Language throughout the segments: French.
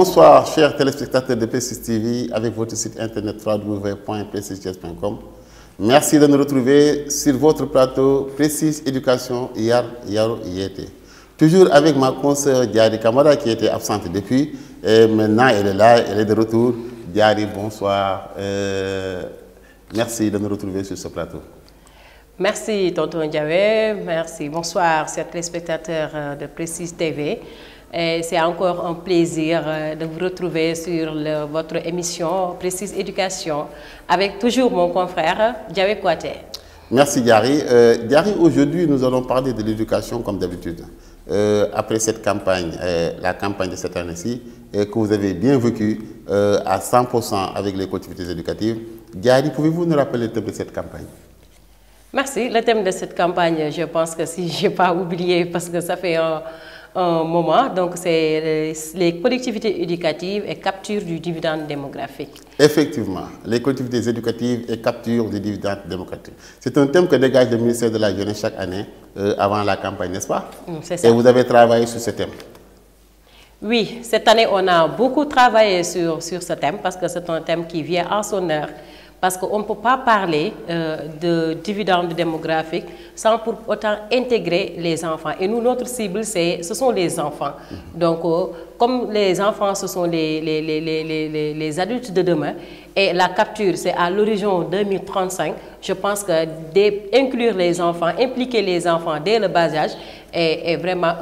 Bonsoir, chers téléspectateurs de PCS TV, avec votre site internet www.pcsgs.com. Merci de nous retrouver sur votre plateau Précise Éducation Yar Yaro Yété. Toujours avec ma consoeur Diari Kamara qui était absente depuis, et maintenant elle est là, elle est de retour. Diari, bonsoir. Euh, merci de nous retrouver sur ce plateau. Merci, tonton Diawé. Merci. Bonsoir, chers téléspectateurs euh, de Précise TV c'est encore un plaisir euh, de vous retrouver sur votre émission Précise Éducation avec toujours mon confrère Djawé Kouate. Merci Gary. Euh, Gary, aujourd'hui nous allons parler de l'éducation comme d'habitude. Euh, après cette campagne, la campagne de cette année-ci, que vous avez bien vécue à 100% avec les collectivités éducatives, Gary, pouvez-vous nous rappeler le thème de cette campagne Merci. Le thème de cette campagne, je pense que si je n'ai pas oublié, parce que ça fait un un moment, donc c'est euh, les collectivités éducatives et capture du dividende démographique. Effectivement, les collectivités éducatives et capture du dividende démographique. C'est un thème que dégage le ministère de la Jeunesse chaque année euh, avant la campagne, n'est-ce pas mm, C'est ça. Et vous avez travaillé sur ce thème Oui, cette année, on a beaucoup travaillé sur, sur ce thème parce que c'est un thème qui vient en son heure. Parce qu'on ne peut pas parler euh, de dividendes démographiques sans pour autant intégrer les enfants. Et nous, notre cible, ce sont les enfants. Mm-hmm. Donc, euh, comme les enfants, ce sont les, adultes de demain, et la capture, c'est à l'horizon 2035, je pense que d'inclure les enfants, impliquer les enfants dès le bas âge, est, vraiment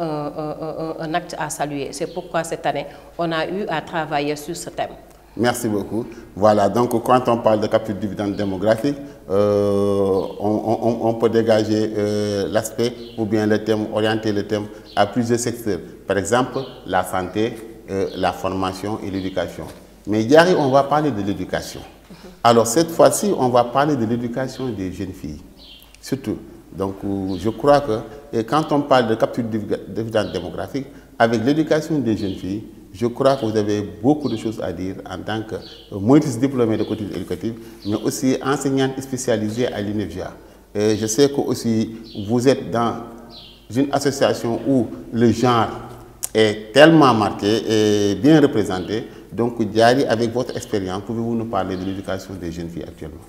un acte à saluer. C'est pourquoi cette année, on a eu à travailler sur ce thème. Merci beaucoup. Voilà, donc quand on parle de capture de dividende démographique, euh, on, peut dégager euh, l'aspect ou bien le thème, orienter le thème à plusieurs secteurs. Par exemple, la santé, euh, la formation et l'éducation. Mais Yari, on va parler de l'éducation. Mhm. Alors cette fois-ci, on va parler de l'éducation des jeunes filles, surtout. Donc je crois que quand on parle de capture de dividende démographique, avec l'éducation des jeunes filles, je crois que vous avez beaucoup de choses à dire en tant que moniteur diplômé de côté éducative, mais aussi enseignante spécialisée à l'INEVIA. je sais que aussi vous êtes dans une association où le genre est tellement marqué et bien représenté. Donc, Diary, avec votre expérience, pouvez-vous nous parler de l'éducation des jeunes filles actuellement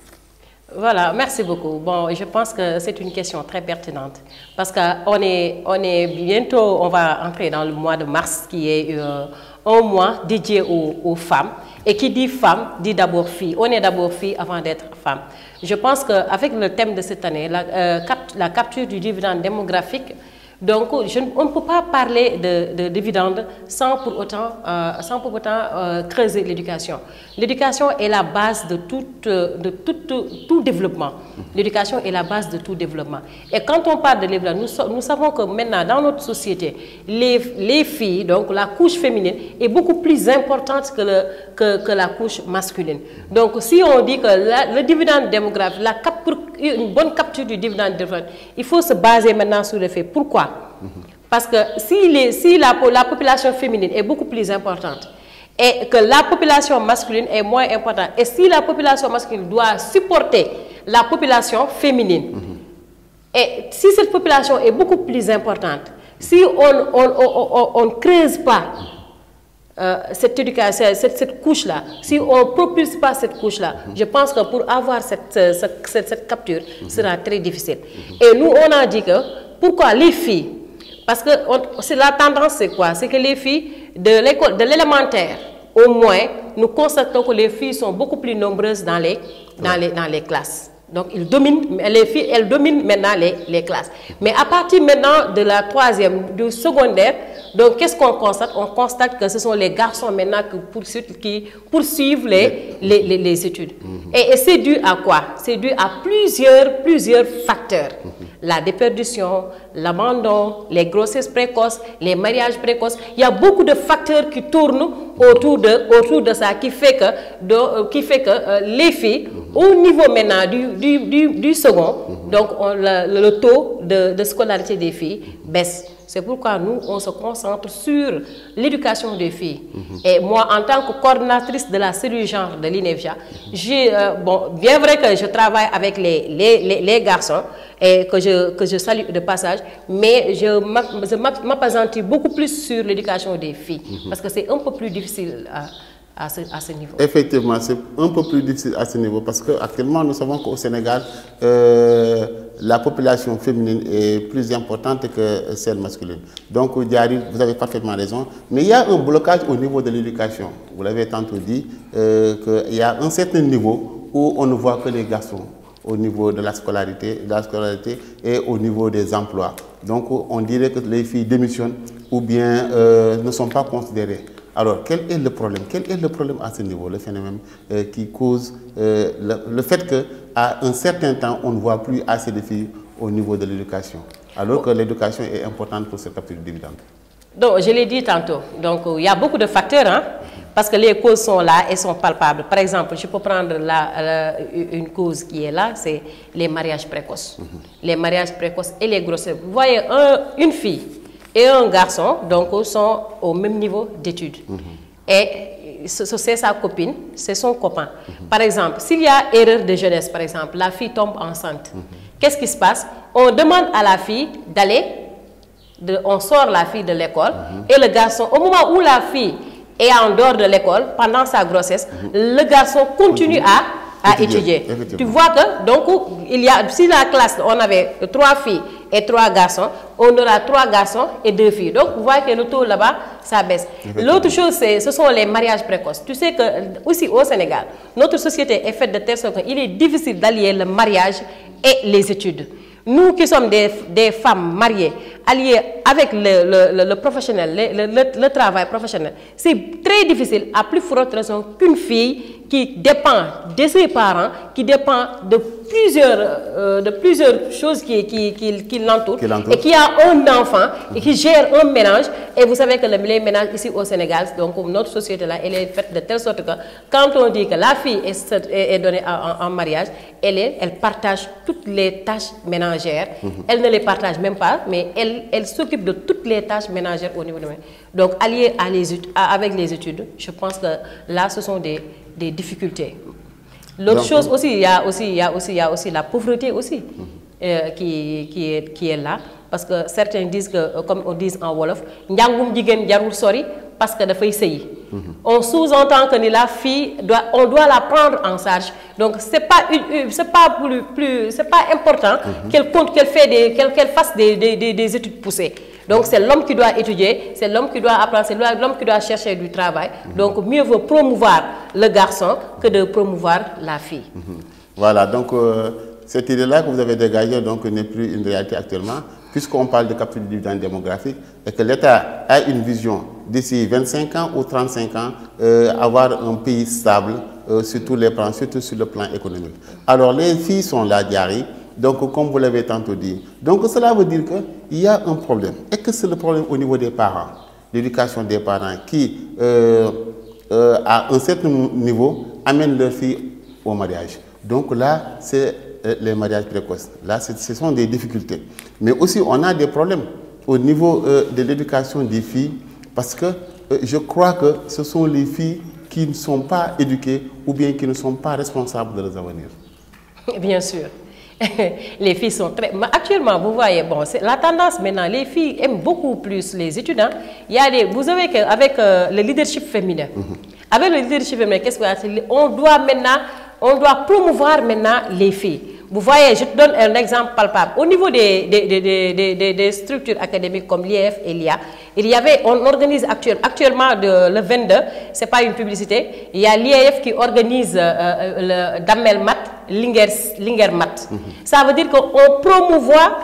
voilà, merci beaucoup. Bon, je pense que c'est une question très pertinente parce qu'on est, on est bientôt, on va entrer dans le mois de mars qui est euh, au mois dédié aux, femmes. Et qui dit femme dit d'abord fille. On est d'abord fille avant d'être femme. Je pense qu'avec le thème de cette année, la, euh, la capture du dividende démographique, donc, on ne peut pas parler de, de dividendes sans pour autant, euh, sans pour autant euh, creuser l'éducation. L'éducation est la base de tout, euh, de tout, tout, développement. L'éducation est la base de tout développement. Et quand on parle de l'éducation, nous, nous, savons que maintenant, dans notre société, les, les, filles, donc la couche féminine, est beaucoup plus importante que, le, que, la couche masculine. Donc, si on dit que le dividende démographique, la, une bonne capture du dividende démographique, il faut se baser maintenant sur le fait. Pourquoi parce que si, la, population féminine est beaucoup plus importante et que la population masculine est moins importante, et si la population masculine doit supporter la population féminine, et si cette population est beaucoup plus importante, si on ne crée pas euh, cette éducation, cette, cette couche-là, si on ne propulse pas cette couche-là, je pense que pour avoir cette, euh, cette, cette capture ce sera très difficile. Et nous, on a dit que pourquoi les filles parce que c'est la tendance, c'est quoi C'est que les filles de l'école, de l'élémentaire, au moins, nous constatons que les filles sont beaucoup plus nombreuses dans les, dans les, dans les classes. Donc, ils dominent, les filles, elles dominent maintenant les, les, classes. Mais à partir maintenant de la troisième, du secondaire, donc qu'est-ce qu'on constate On constate que ce sont les garçons maintenant qui poursuivent, qui les, les, les, études. Mhm. Et, c'est dû à quoi C'est dû à plusieurs, plusieurs facteurs. Mhm la déperdition, l'abandon, les grossesses précoces, les mariages précoces. Il y a beaucoup de facteurs qui tournent autour de, autour de ça, qui fait que, euh, qui fait que euh, les filles au niveau maintenant du, du, second, mhm. donc on, le, taux de, scolarité des filles baisse. C'est pourquoi nous, on se concentre sur l'éducation des filles. Mhm. Et moi, en tant que coordinatrice de la cellule genre de l'INEFJA, j'ai, euh, bon, bien vrai que je travaille avec les, les, les, garçons, et que je, que je salue de passage, mais je m'appesantis beaucoup plus sur l'éducation des filles, mhm. parce que c'est un peu plus difficile à, hein à ce, niveau Effectivement, c'est un peu plus difficile à ce niveau parce qu'actuellement, nous savons qu'au Sénégal, euh, la population féminine est plus importante que celle masculine. Donc, Diary, vous avez parfaitement raison. Mais il y a un blocage au niveau de l'éducation. Vous l'avez tantôt dit, euh, qu'il y a un certain niveau où on ne voit que les garçons au niveau de la scolarité, la scolarité et au niveau des emplois. Donc, on dirait que les filles démissionnent ou bien euh, ne sont pas considérées. Alors, quel est le problème Quel est le problème à ce niveau, le phénomène euh, qui cause euh, le, fait fait qu'à un certain temps, on ne voit plus assez de filles au niveau de l'éducation, alors que l'éducation est importante pour cette capture de dividendes Donc, je l'ai dit tantôt, donc il y a beaucoup de facteurs, hein, parce que les causes sont là et sont palpables. Par exemple, je peux prendre une cause qui est là, c'est les mariages précoces. Mm-hmm. Les mariages précoces et les grossesses. Vous voyez, une fille et un garçon, donc, sont au même niveau d'études. Mhm. Et c'est sa copine, c'est son copain. Mhm. Par exemple, s'il y a erreur de jeunesse, par exemple, la fille tombe enceinte. Mhm. Qu'est-ce qui se passe On demande à la fille d'aller, on sort la fille de l'école, et le garçon, au moment où la fille est en dehors de l'école, pendant sa grossesse, le garçon continue à à étudier. Tu vois que, donc, il y a, si la classe, on avait trois filles et trois garçons, on aura trois garçons et deux filles. Donc, vous voyez que le taux là-bas, ça baisse. L'autre chose, c'est, ce sont les mariages précoces. Tu sais que, aussi au Sénégal, notre société est faite de telle sorte qu'il est difficile d'allier le mariage et les études. Nous qui sommes des, des femmes mariées, alliées avec le, le, le professionnel, le, travail professionnel, c'est très difficile, à plus forte raison qu'une fille qui dépend de ses parents, qui dépend de plusieurs, euh, de plusieurs choses qui, qui, qui, l'entourent, et qui a un enfant, et qui gère un ménage. Et vous savez que le, ménage ici au Sénégal, donc notre société-là, elle est faite de telle sorte que quand on dit que la fille est, est, donnée en, mariage, elle, est, elle partage toutes les tâches ménagères. Mhm. Elle ne les partage même pas, mais elle, elle s'occupe de toutes les tâches ménagères au niveau de... Donc, alliée avec les études, je pense que là, ce sont des des difficultés. L'autre chose aussi, il y a aussi, il y a aussi, il y a aussi la pauvreté aussi mhm. euh, qui, qui, est, qui est là. Parce que certains disent que, euh, comme on dit en Wolof, « Njangum jigen jarul sori » parce que da fay seyi » on sous-entend que la fille, doit, on doit la prendre en charge. Donc, ce n'est pas, pas, plus, pas important qu'elle qu'elle fasse des, des, études poussées. Donc c'est l'homme qui doit étudier, c'est l'homme qui doit apprendre, c'est l'homme qui doit chercher du travail. Donc mieux vaut promouvoir le garçon que de promouvoir la fille. Voilà, donc euh, cette idée-là que vous avez dégagée n'est plus une réalité actuellement puisqu'on parle de capture du dividende démographique, et que l'État a une vision d'ici 25 ans ou 35 ans, euh, avoir un pays stable euh, sur tous les plans, surtout sur le plan économique. Alors les filles sont là, Diary, donc comme vous l'avez tantôt dit. Donc cela veut dire qu'il y a un problème, et que c'est le problème au niveau des parents, l'éducation des parents, qui, euh, euh, à un certain niveau, amène leurs filles au mariage. Donc là, c'est les mariages précoces. Là, ce sont des difficultés. Mais aussi, on a des problèmes au niveau euh, de l'éducation des filles, parce que euh, je crois que ce sont les filles qui ne sont pas éduquées ou bien qui ne sont pas responsables de leurs avenir. Bien sûr. les filles sont très... Mais actuellement, vous voyez, bon, la tendance maintenant, les filles aiment beaucoup plus les étudiants. Il y Vous avez avec euh, le leadership féminin, mhm. avec le leadership féminin, qu'est-ce qu'on doit maintenant... On doit promouvoir maintenant les filles. Vous voyez, je te donne un exemple palpable. Au niveau des, des, des, des, structures académiques comme l'IEF et l'IA, il y avait, on organise actuellement, actuellement le 22, ce n'est pas une publicité, il y a l'IEF qui organise euh, euh, le Damel Mat, Linger, Linger mhm. Ça veut dire qu'on promouvoit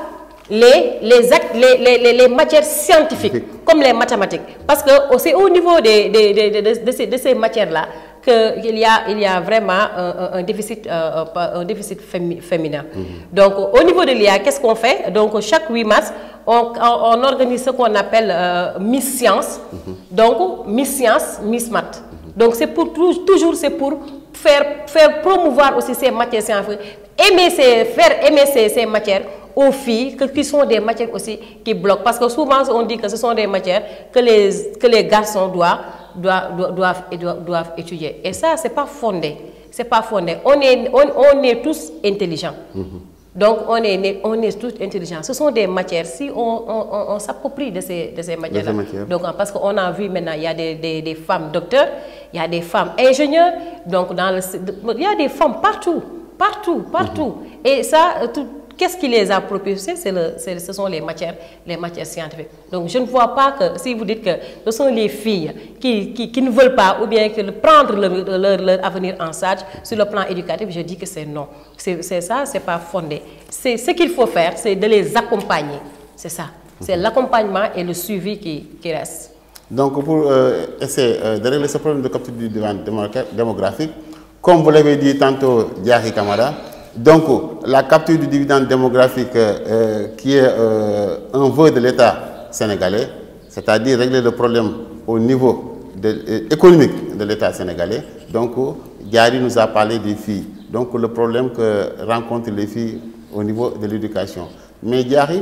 les, les, les, les, les, matières scientifiques, comme les mathématiques. Parce que c'est au niveau de, de, de ces, ces matières-là qu'il y a, il y a vraiment euh, euh, un, déficit, euh, un, déficit féminin. Mm-hmm. Donc, au niveau de l'IA, qu'est-ce qu'on fait Donc, chaque 8 mars, on, organise ce qu'on appelle euh, Miss Science. Mm-hmm. Donc, Miss Science, Miss Math. Mm-hmm. Donc, c'est pour toujours, c'est pour faire, faire promouvoir aussi ces matières scientifiques, aimer ces, faire aimer ces, ces matières aux filles, qui sont des matières aussi qui bloquent. Parce que souvent, on dit que ce sont des matières que les, que les garçons doivent doivent, doivent, doivent, étudier. Et ça, ce n'est pas fondé. C'est pas fondé. On est, on, est tous intelligents. Mm-hmm. Donc, on est, on est tous intelligents. Ce sont des matières. Si on, on, s'approprie de ces, de ces matières-là. parce qu'on a vu maintenant, il y a des, des, femmes docteurs, il y a des femmes ingénieurs. Donc, dans il y a des femmes partout. Partout, partout. Mm-hmm. Et ça, tout, Qu'est-ce qui les a propulsés Ce sont les matières, les matières scientifiques. Donc je ne vois pas que, si vous dites que ce sont les filles qui, ne veulent pas ou bien que prendre leur, avenir en charge sur le plan éducatif, je dis que c'est non. C'est ça, c'est pas fondé. Ce qu'il faut faire, c'est de les accompagner. C'est ça. C'est l'accompagnement et le suivi qui, qui reste. Donc pour euh, essayer euh, de régler ce problème de capture démographique, comme vous l'avez dit tantôt, Diary Kamara, donc, la capture du dividende démographique euh, euh, qui est euh, un vœu de l'État sénégalais, c'est-à-dire régler le problème au niveau économique de l'État sénégalais. Donc, Gary nous a parlé des filles. Donc, le problème que rencontrent les filles au niveau de l'éducation. Mais Gary,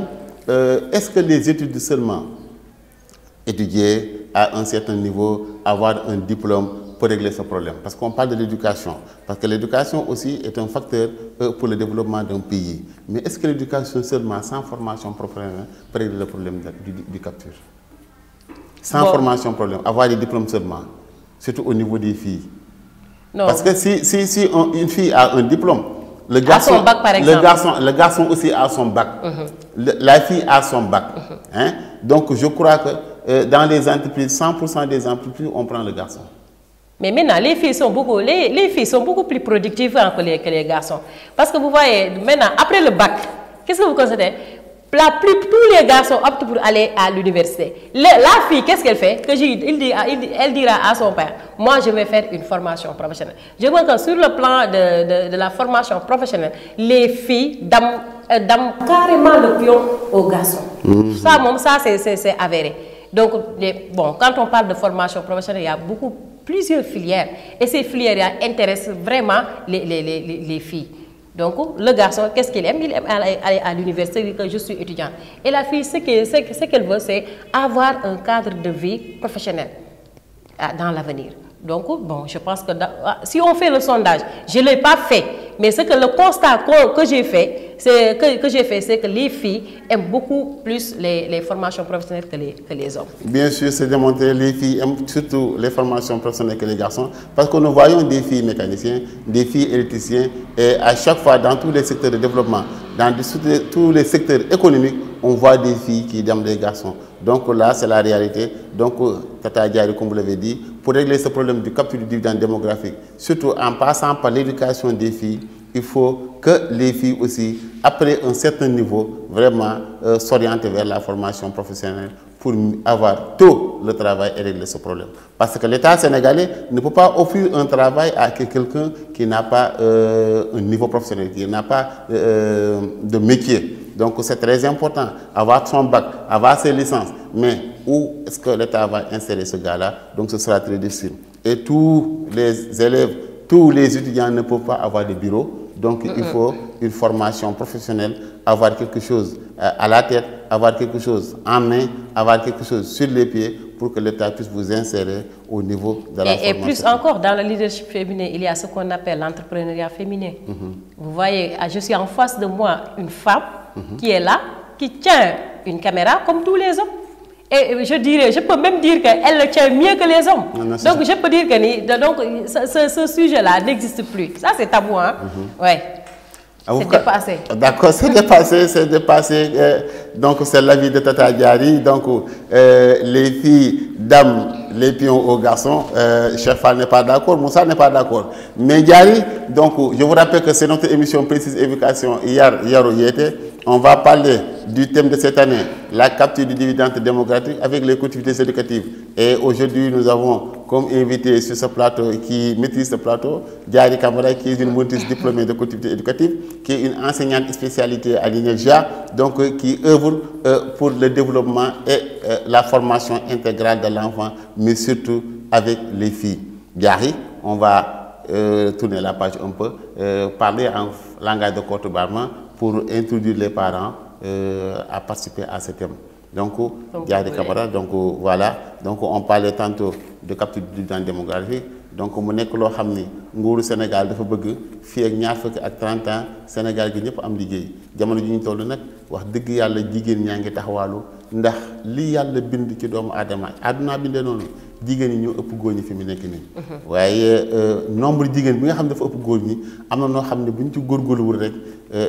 est-ce que les études seulement étudier à un certain niveau, avoir un diplôme, pour régler ce problème. Parce qu'on parle de l'éducation. Parce que l'éducation aussi est un facteur euh, pour le développement d'un pays. Mais est-ce que l'éducation seulement, sans formation proprement, peut régler le problème du, capture Sans formation problème, avoir des diplômes seulement, surtout au niveau des filles. Non. Parce que si, si, une fille a un diplôme, le garçon, le garçon, le garçon, aussi a son bac. Mhm. la fille a son bac. Mhm. Hein? Donc je crois que euh, dans les entreprises, 100% des entreprises, on prend le garçon. Mais maintenant, les filles sont beaucoup, les, les filles sont beaucoup plus productives hein, que, les, garçons. Parce que vous voyez, maintenant, après le bac, qu'est-ce que vous constatez plus, tous les garçons optent pour aller à l'université. La fille, qu'est-ce qu'elle fait que il dit, Elle dira à son père, moi je vais faire une formation professionnelle. Je vois que sur le plan de, de, la formation professionnelle, les filles donnent, euh, carrément le pion aux garçons. Mhm. Ça, ça c'est avéré. Donc, bon, quand on parle de formation professionnelle, il y a beaucoup plusieurs filières. Et ces filières-là intéressent vraiment les, filles. Donc, le garçon, qu'est-ce qu'il aime Il aime aller à l'université, je suis étudiant. Et la fille, ce qu'elle veut, c'est avoir un cadre de vie professionnel ah, dans l'avenir. Donc, bon, je pense que ah, si on fait le sondage, je ne l'ai pas fait, mais ce que le constat que, j'ai fait, c'est que, j'ai fait, c'est que les filles aiment beaucoup plus les, formations professionnelles que les, hommes. Bien sûr, c'est démontré, les filles aiment surtout les formations professionnelles que les garçons, parce que nous voyons des filles mécaniciennes, des filles électriciens, et à chaque fois, dans tous les secteurs de développement, dans tous les secteurs économiques, on voit des filles qui demandent des garçons. Donc là, c'est la réalité. Donc, euh, Tata comme vous l'avez dit, pour régler ce problème du cap du dividende démographique, surtout en passant par l'éducation des filles, il faut que les filles aussi, après un certain niveau, vraiment euh, s'orientent vers la formation professionnelle pour avoir tout le travail et régler ce problème. Parce que l'État sénégalais ne peut pas offrir un travail à quelqu'un qui n'a pas euh, un niveau professionnel, qui n'a pas de métier. Donc c'est très important, avoir son bac, avoir ses licences. Mais où est-ce que l'État va insérer ce gars-là Donc ce sera très difficile. Et tous les élèves, tous les étudiants ne peuvent pas avoir de bureau. Donc il faut une formation professionnelle, avoir quelque chose euh, à la tête, avoir quelque chose en main, avoir quelque chose sur les pieds pour que l'État puisse vous insérer au niveau de la et, formation. Et plus encore, dans le leadership féminin, il y a ce qu'on appelle l'entrepreneuriat féminin. Mm-hmm. Vous voyez, je suis en face de moi une femme qui est là, qui tient une caméra comme tous les hommes. Et je dirais, je peux même dire qu'elle le tient mieux que les hommes. Ah, donc je peux dire que ce, sujet-là n'existe plus. Ça c'est tabou, hein mm-hmm. ouais. Ah, c'est dépassé. D'accord, c'est dépassé, c'est dépassé. Euh, donc c'est la vie de Tata Diari. Donc euh, les filles, dames, les pions aux garçons. chef, euh, Chefal n'est pas d'accord, Moussa n'est pas d'accord. Mais Yari, donc, je vous rappelle que c'est notre émission Précise Éducation hier, hier où était. On va parler du thème de cette année, la capture du dividende démocratique avec les collectivités éducatives. Et aujourd'hui, nous avons comme invité sur ce plateau, qui maîtrise ce plateau, Yari Kamara, qui est une maîtrise diplômée de collectivité éducative, qui est une enseignante spécialité à l'INERGIA, donc euh, qui œuvre euh, pour le développement et euh, la formation intégrale de l'enfant, mais surtout avec les filles. Gary, on va euh, tourner la page un peu, euh, parler en langage de courte pour introduire les parents à participer à ce thème. Donc, Gary donc voilà, donc on parlait tantôt de capture du donc que le Sénégal dafa bëgg ak 30 ans Sénégal am jamono ñu que wax ndax li yàlla bind ci doomu aadama àdduna bindee noonu jigéen yi ñoo ëpp góor ñi fi mu nekk nii. Mhm. waaye euh, nombre jigéen bi nga xam ne dafa ëpp góor ñi am na noo xam ne bu ñu ci góorgóorluwul rek euh,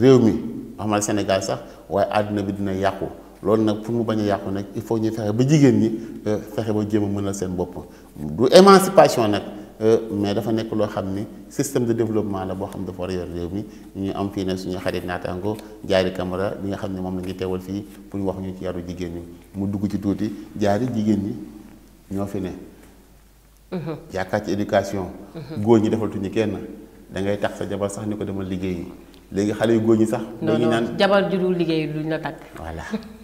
réew mi waxuma Sénégal sax waaye àdduna bi dina yàqu. loolu nag pour mu bañ a yàqu nag il faut ñu fexe ba jigéen ñi euh, fexe ba jéem a mënal seen bopp du émancipation nag Euh, mais dafa nekk loo xam ni système de développement la boo xam dafa war a yor réew mi ñu am fii ne suñu xarit naataango jaari camara bi nga xam ne moom la ngi teewal fii pour ñu wax ñu ci yaru jigéen ñi mu dugg ci tuuti jaari jigéen ñi ñoo fi ne mhm. yaakaar ci éducation mhm. góor ñi defal tuñu kenn da ngay tax sa jabar sax ni ko demal liggéey léegi xale yu góor ñi sax. dañuy naan jabar ju dul liggéey duñ la takk. voilà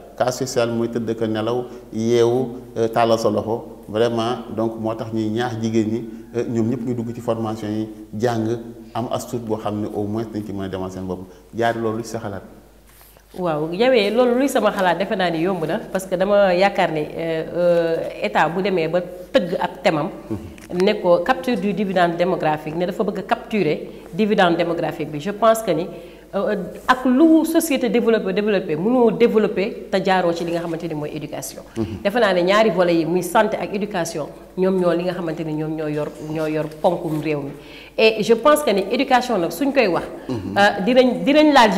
cas social mooy tëdd ko nelaw yewu euh, vraiment donc motax ñi euh, ñaax jigeen formation yi am astuce bo au moins dañ ci demal seen waaw parce que dama euh, état bu démé ba teug ab témam mhm. capture du dividende démographique ne faut bëgg que capturer dividende démographique je pense que ni euh, ak lu société développer Nous mënoo nous te jaaroo ci li nga xamante ni éducation. Mhm. defe naa ne ñaari volets yi muy santé ak éducation ñoom ñoo li nga xamante et je pense que l'éducation, éducation nag suñ koy wax. Mhm. Euh, dinañ dinañ laal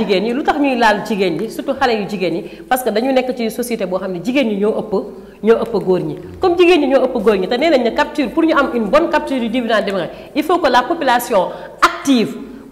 ñuy laal surtout parce que dañu nekk ci société boo xam ne jigéen ñoo ëpp. comme jigéen ñi ñoo ëpp ñi capture pour ñu une bonne capture du dividende il faut que la population active.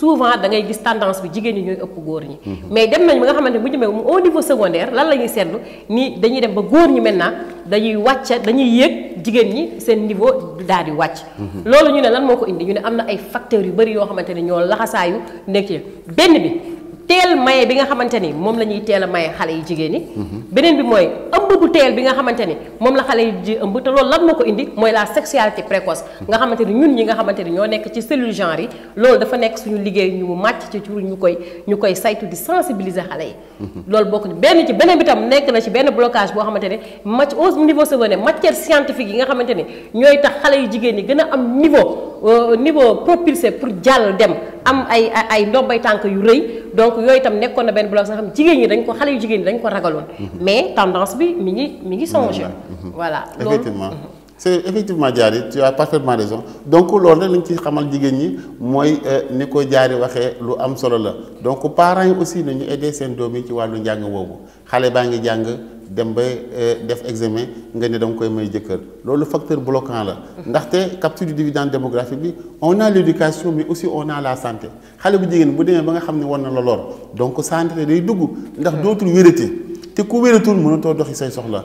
souvent da ngay gis tendance bi jigéen ñi ñooy ëpp góor ñi mais dem nañ ba nga xamante ne bu ñu demee au niveau secondaire lan la ñuy seetlu dañuy dem ba góor ñi maintenant dañuy wàcc dañuy yéeg jigéen ñi seen niveau daal di wàcc loolu ñu ne lan moo ko indi ñu ne am na ay facteur yu bëri yoo xamante ne ñoo laxasaayu nekkee benn bi teel maye bi nga xamante ni moom la ñuy teel a maye xale yi jigéen ñi. beneen bi mooy ëmb bu teel bi nga xamante ni moom la xale yi ji ëmb lan moo ko indi mooy la sexualité précoce. nga xamante ni ñun ñi nga xamante ni ñoo nekk ci cellule yi loolu dafa nekk suñu liggéey ñu màcc ci ñu koy ñu koy saytu di sensibiliser xale yi. loolu bokk benn ci beneen bi tam nekk na ci benn blocage boo xamante ne matière au niveau secondaire matière scientifique yi nga xamante ni ñooy tax xale yu jigéen ñi gën a am niveau. Euh, niveau propulsé pour jàll dem am ay ay ndombay tànk yu rëy donc yooyu itam nekkoon na benn bloc sax xam jigéen ñi dañ ko xale yu jigéen ñi dañ ko ragaloon. Mhm. mais tendance bi mu ngi mi ngi changé. Mhm. Mhm. voilà effectivement c'est effectivement Diary tu as parfaitement raison donc loolu rek lañ ci xamal jigéen ñi mooy euh, ni ko jaari waxee lu am solo la donc parent yi aussi nañu aider seen doom yi ci wàllu njàng woowu xale baa ngi jàng. dembe euh, def examen nga ne da koy may jëkkeur loolu facteur bloquant la ndaxte capture du dividende démographique bi on a l'éducation mais aussi on a la santé xale bu jigéen bu demee ba nga xam ne na la lor donc santé day dugg ndax hmm. dootul wérété té ku wératul to doxi say soxla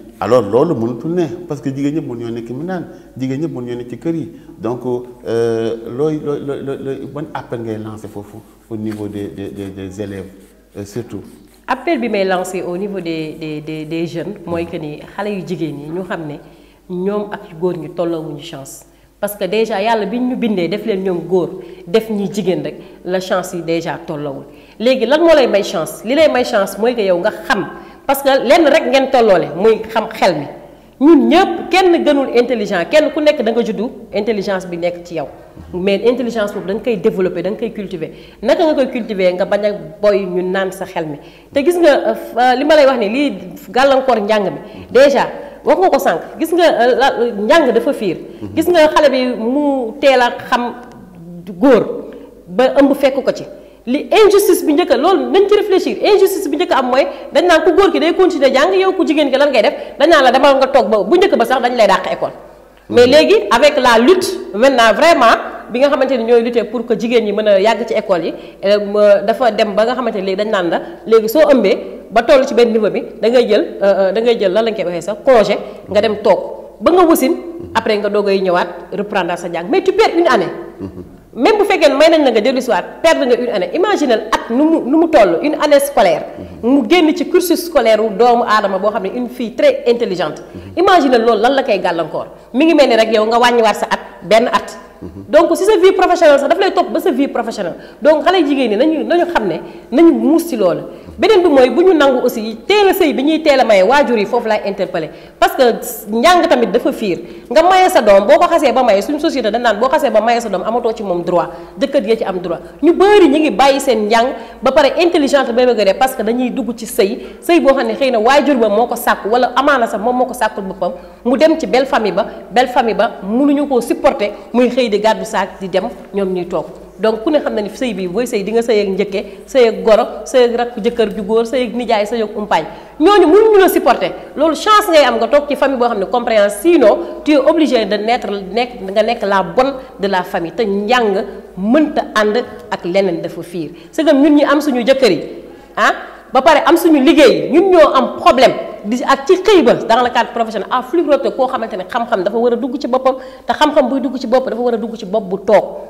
alors loolu mënatul ne parce que jigéen ñepp mën ñoo nekk mu naan ñepp ñëpp mën ñoo nekk ci kër yi donc euh looy looy looy ban appel ngay lancé foofu au niveau des des des élèves euh, surtout. appel bi may lancé au niveau des des des des jeunes moy que ni xalé yu jigéen ñi ñu xamné ñom ak goor ñu tollawuñu chance parce que déjà yalla bi ñu bindee def leen ñom goor def ñi jigéen rek la chance yi déjà tollawul légui lan mo lay may chance li lay may chance moy que yow nga xam parce que lenn rek ngeen muy xam xel mi ñun ñëpp kenn gënul intelligent kenn ku nekk da intelligence bi nekk mais intelligence boobu da koy développer koy cultiver naka nga cultiver nga bañ boy ñu naan sa déjà wax nga ko sànq gis nga euh, njàng dafa fiir gis nga bi mu li injustice bi njëkka a loolu nañ ci réfléchir injustice bi njëkk am mooy dañ naan ku góor ki day continuer jàng yow ku jigéen ki lan ngay def dañ naan la demal nga toog ba bu njëkk ba sax dañ lay dàq école mm-hmm. mais léegi avec la lutte maintenant vraiment bi nga xamante ni ñooy lutter pour que jigéen ñi mën a yàgg ci école yi euh, dafa dem ba nga xamante ni léegi dañ naan la léegi soo ëmbee ba toll ci benn niveau bi dangay jël euh, euh, da ngay jël lan lañ koy waxee sax congé nga dem toog ba nga wasin après nga doogay ñëwaat reprendar sa jàng mais tu perds une année mm-hmm. même bu fekkee may nañ la nga dellu si perdre nga une année imaginal at nu mu nu mu toll une année scolaire mu génn ci cursus scolaire wu doomu aadama boo xam ne une fille très intelligente imaginal loolu lan la koy gàllankoor mi ngi mel ni rek yow nga wàññiwaat sa at benn at donc si sa vie professionnelle sax daf lay topp ba sa vie professionnelle donc xale jigéen ñi nañu nañu xam ne nañu muus ci loolu beneen bi mooy bu ñu nangu aussi teel a sëy bi ñuy teel maye waajur yi foofu laay interpellé parce que njàng tamit dafa fiir nga maye sa doom boo ko xasee ba maye suñu société dañ naan boo xasee ba maye sa doom amatoo ci moom droit jëkkër ya am droit ñu bëri ñu ngi bàyyi seen njàng ba pare intelligente ba bëgg parce que dañuy dugg ci sëy sëy boo xam ne xëy na waajur ba moo ko sàkku wala amaana sax moom moo ko sàkkul boppam mu dem ci belle famille ba belle famille ba mënuñu koo supporter muy xëy di gàddu saak di dem ñoom ñuy toog donc ku ne xam na ni sëy bi booy sëy di nga sëy ak njëkke sëy ak goro sëy ak rakk jëkkër ju góor sëy ak nijaay sëy ak umpaañ ñooñu mënuñu la supporter loolu chance ngay am nga toog ci famille boo xam ne compréhension sinon tu es obligé de naître nekk nga nekk la bon de la famille te njàng mënta ànd ak leneen dafa fiir c'est que ñi am suñu jëkkër yi ah ba pare am suñu liggéey ñun ñoo am problème di ak ci xëy ba dans le cadre professionnel à flux xamante ne xam dafa war dugg ci boppam te xam-xam buy dugg ci dafa war a dugg ci bopp bu toog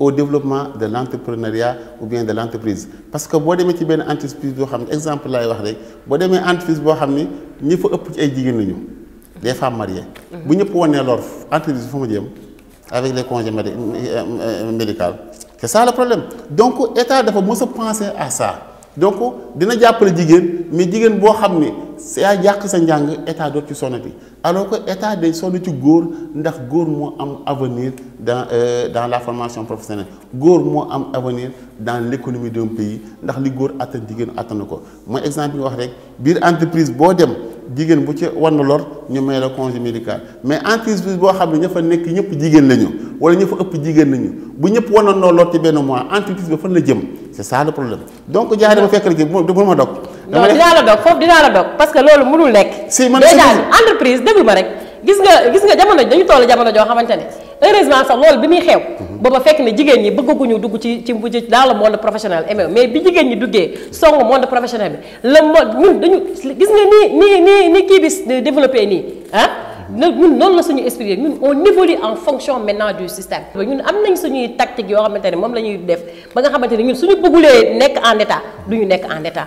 au développement de l'entrepreneuriat ou bien de l'entreprise parce que si vous ci un entreprise par exemple si vous avez une entreprise il xam que les femmes mariées. si mhm. ñëpp wanee lor entreprise avec les congés euh, euh, euh, médicaux c'est ça le problème donc l'État doit penser à ça. donc dina jàppale jigéen mais jigéen boo xam ne saa yàq sa njàng état doot ci sonnati alors que état day sonn ci góor ndax góor moo am avenir dans euh, dans la formation professionnelle góor moo am avenir dans l' économie pays ndax li góor attan jigéen attanu ko mooy exemple bi wax rek biir entreprise boo dem jigéen bu ci war na lor ñu may la congé médical mais entreprise boo xam ne ña fa nekk ñëpp jigéen la ñu wala ña fa ëpp jigéen la ñu bu ñëpp war na lor ci benn mois entreprise ba fan la jëm. c'est ça le problème donc jaay dama fekk rek du ma dog. dama non dinaa la dog foofu dinaa la dog parce que loolu mënul nekk. si man déjà entreprise déglu ma rek gis nga jamono dañu toll jamono joo xamante ne heureusement sax loolu bi muy xew. booba mhm. fekk ne jigéen ñi bëgguñu dugg ci ci mujj dans le mais bi jigéen ñi duggee song monde professionnel bi le monde ñun dañu gis nga nii nii nii nii kii bi développé nii ah. ñun non la suñu esprit ñun on évolue en fonction maintenant du système ñun am nañ suñuy tactique yoo xamante ne moom la ñuy def ba nga xamante ne ñun suñu bëggulee nek en état du nek en état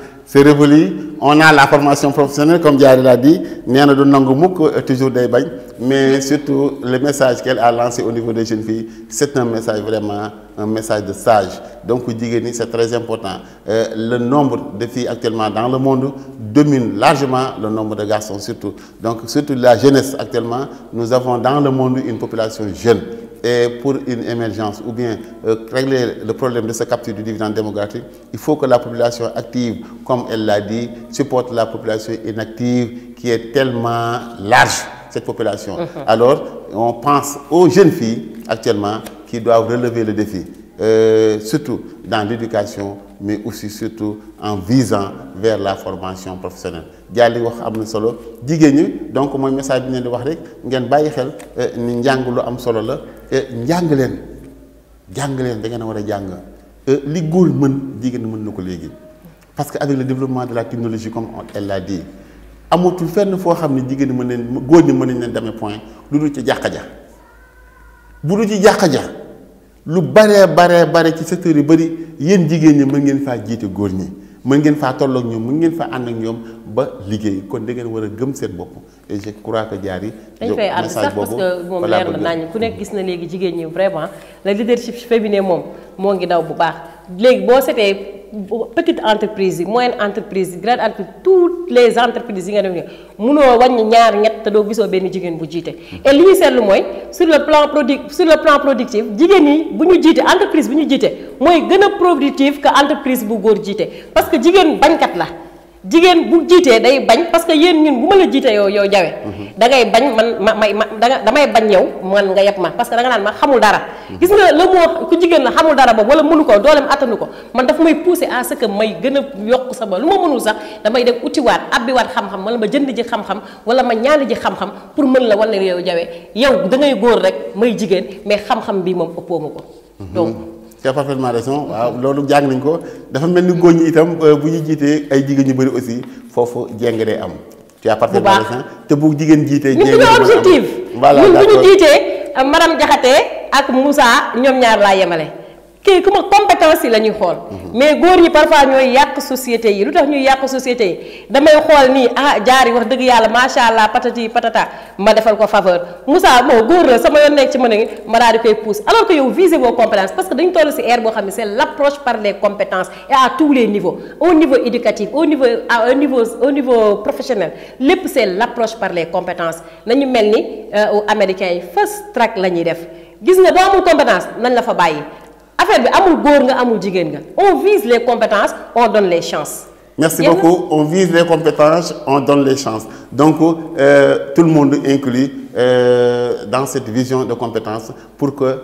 c'est révolu on a la formation professionnelle comme Diary l'a dit nous on toujours des bains. mais surtout le message qu'elle a lancé au niveau des jeunes filles c'est un message vraiment un message de sage donc c'est très important euh, le nombre de filles actuellement dans le monde domine largement le nombre de garçons surtout donc surtout la jeunesse actuellement nous avons dans le monde une population jeune et pour une émergence ou bien euh, régler le problème de sa capture du dividende démographique il faut que la population active, comme elle l'a dit, supporte la population inactive qui est tellement large, cette population. Mhm. Alors, on pense aux jeunes filles actuellement qui doivent relever le défi, euh, surtout dans l'éducation mais aussi surtout en visant vers la formation professionnelle Diali wax amna solo digeñu donc mooy message bi ñu di wax rek ngeen bàyyi xel eh, ni njàng lu am solo la eh, njàng leen jàng leen da ngeen wara jang eh, li góor mën digeñu mën nako légui parce que avec le développement de la technologie comme elle l'a dit amatu fenn fo xamni ne jigéen mën leen góor ñi mën leen demee point lu ci jàq ja bu dul ci jàq lu baree baree bare ci secteur yu bëri yéen jigéen ñi mën ngeen faa jiite góor ñi mën ngeen faa tollook ñoom mën ngeen faa ànd ak ñoom ba liggéey kon da ngeen war a gëm seen bopp et je jaar yi. dañ fay ànd sax parce que moom leer na nañu ku nekk gis na léegi jigéen ñi vraiment le leadership féminin moom moo ngi daw bu baax léegi boo setee petite entreprise yi moyenne entreprise yi grande entreprise toutes les entreprises yi nga def munoo wàññi ñaar ñett te doo gisoo benn jigéen bu jiite. Hmm. et li ñu seetlu mooy sur le plan produit sur le plan productif jigéen yi bu ñu jiite entreprise bu ñu jiite mooy gën a productif que entreprise bu góor jiite parce que jigéen bañkat la. jigéen bu jiitee day bañ parce que yéen ñun bu ma la jiitee yow yow jawe mm-hmm. da ngay bañ man ma may ma danga damay bañ yow man nga yepp ma parce que da nga naan ma xamul dara mm-hmm. gis nga le mot ku jigéen la xamul dara boobu wala mënu ko dooleem attanu ko man daf may pousser à ce que may gën a yokk sama lu ma mënul sax damay dem utiwaat abbiwaat xam-xam wala ma jënd ji xam-xam wala ma ñaani ji xam-xam pour mën la wan yow jawe yow da ngay góor rek may jigéen mais xam-xam bi moom ëppoo ma ko mm-hmm. donc tu as parfaitement raison as parfaitement raison, ko dafa raison, tu itam tu euh, as ay tu as aussi tu as am. tu as parfaitement raison te bu objectif. voilà tu as parfaitement raison, madame as ak Moussa à ñaar parfaitement kii ku ma compétence yi la ñuy xool mhm. mais góor ñi parfois ñooy yàq société yi lu tax ñuy société yi damay xool ni ah jaar yi wax dëgg yàlla allah patati patata ma defal ko faveur Moussa moo góor la sama yoon nekk ci mën a ngi pousse alors que yow viser vos compétences parce que dañu toll si air boo xam c'est l'approche par les compétences et à tous les niveaux au niveau éducatif au niveau à un niveau au niveau professionnel lépp c'est l'approche par les compétences nañu mêlons euh, aux américains yi track la ñuy def gis nga boo amul compétence nañ la fa bàyyi on vise les compétences on donne les chances. merci beaucoup on vise les compétences on donne les chances donc euh, tout le monde inclus euh, dans cette vision de compétences pour que.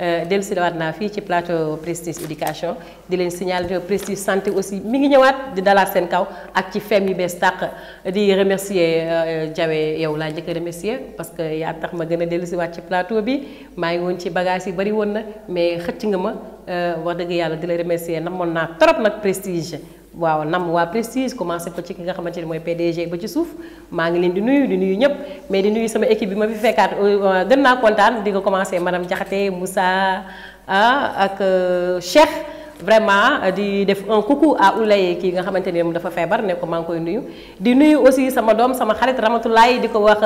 Euh, dellu si waat naa fii ci plateau prestige education di leen signaler prestige santé aussi mi ngi ñëwaat di dalaat sen kaw ak ci fem yu bees tàq di remercier euh, jawé yow la njëkk remercier parce que ya tax ma gëna a dellu si ci plateau bi ma ngi won ci bagage yi bari won na mais xëcc nga ma euh, wax dëgg yàlla di la remercier namon na trop nak prestige waaw nam waa prestige commencé ko ci ki nga xamante ni mooy PDG ba ci suuf maa ngi leen di nuyu di nuyu ñëpp mais di nuyu sama équipe bi ma fi fekkaat euh, euh, gën naa kontaan di ko commencé madame Diakhaté Moussa ah, ak euh, Cheikh vraiment di def un coucou à Oulaye kii nga xamante ni moom dafa feebar nekko maa ngi koy nuyu di nuyu aussi sama doom sama xarit Ramatoulaye di ko wax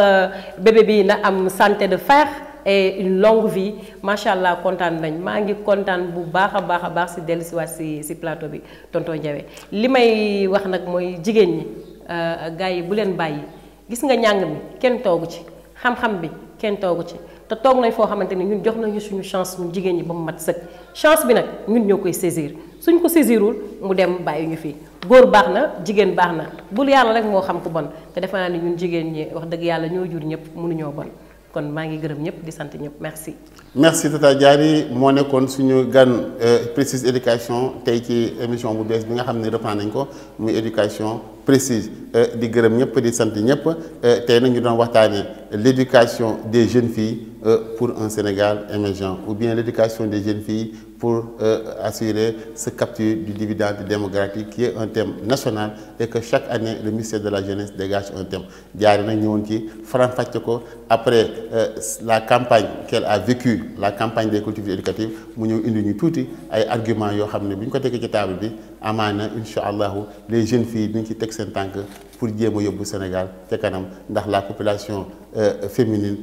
bébé bi na am santé de fer et une longue vie macha allah kontaan nañ maa ngi kontaan bu baax a baax a baax si dellusiwaat si si plateau bi tonton Ndiaye li may wax nag mooy jigéen ñi euh, gars yi bu leen bàyyi gis nga njàng mi kenn toogu ci xam-xam bi kenn toogu ci te toog nañ foo xamante ni ñun jox nañu suñu chance mu jigéen ñi ba mu mat sëkk chance bi nag ñun ñoo koy saisir suñ ko saisirul mu dem bàyyi ñu fii góor baax na jigéen baax na bul yàlla rek moo xam ku bon te defe naa ni ñun jigéen ñi wax dëgg yàlla ñoo jur ñëpp mënuñoo bon. kon maa gërëm ñëpp di sant ñëpp merci. merci Tata Diary moo nekkoon suñu gan euh, précise éducation tay ci émission bu bes bi nga xam ne nañ ko muy éducation précise euh, di gërëm ñëpp di sant ñëpp euh, tay nag ñu doon waxtaanee l'éducation des jeunes filles pour un Sénégal émergent ou bien l'éducation des jeunes filles pour euh, assurer ce capture du dividende démocratique qui est un thème national et que chaque année le ministère de la Jeunesse dégage un thème. Diarina Nyonti, Franck Fatchoko, après euh, la campagne qu'elle a vécue, la campagne des cultures éducatives, nous avons eu tous les arguments qui ont été faits. amana la les jeunes filles qui ci en tant que pour que a le Sénégal kanam la population euh, féminine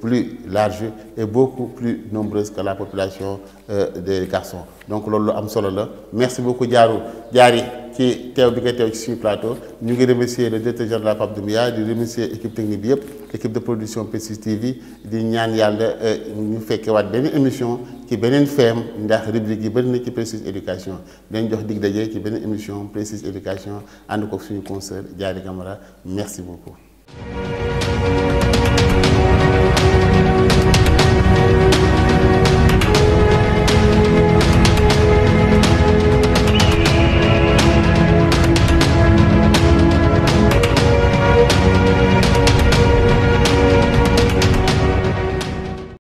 plus large et beaucoup plus nombreuse que la population euh, des garçons donc loolu lu am solo la merci beaucoup Diarou Diary ci teew bi le ci plateau ñu ngi remercier le directeur de la Pabdoumbia di remercier équipe technique l'équipe équipe de production Prestige TV di ñaan fait euh, ñu fekkee waat benn émission ci ferme, une ndax rubrique yi bëri na ci éducation dañ jox dig daje ci beneen émission précise éducation ànd ko suñu conseil Diary Camara merci beaucoup.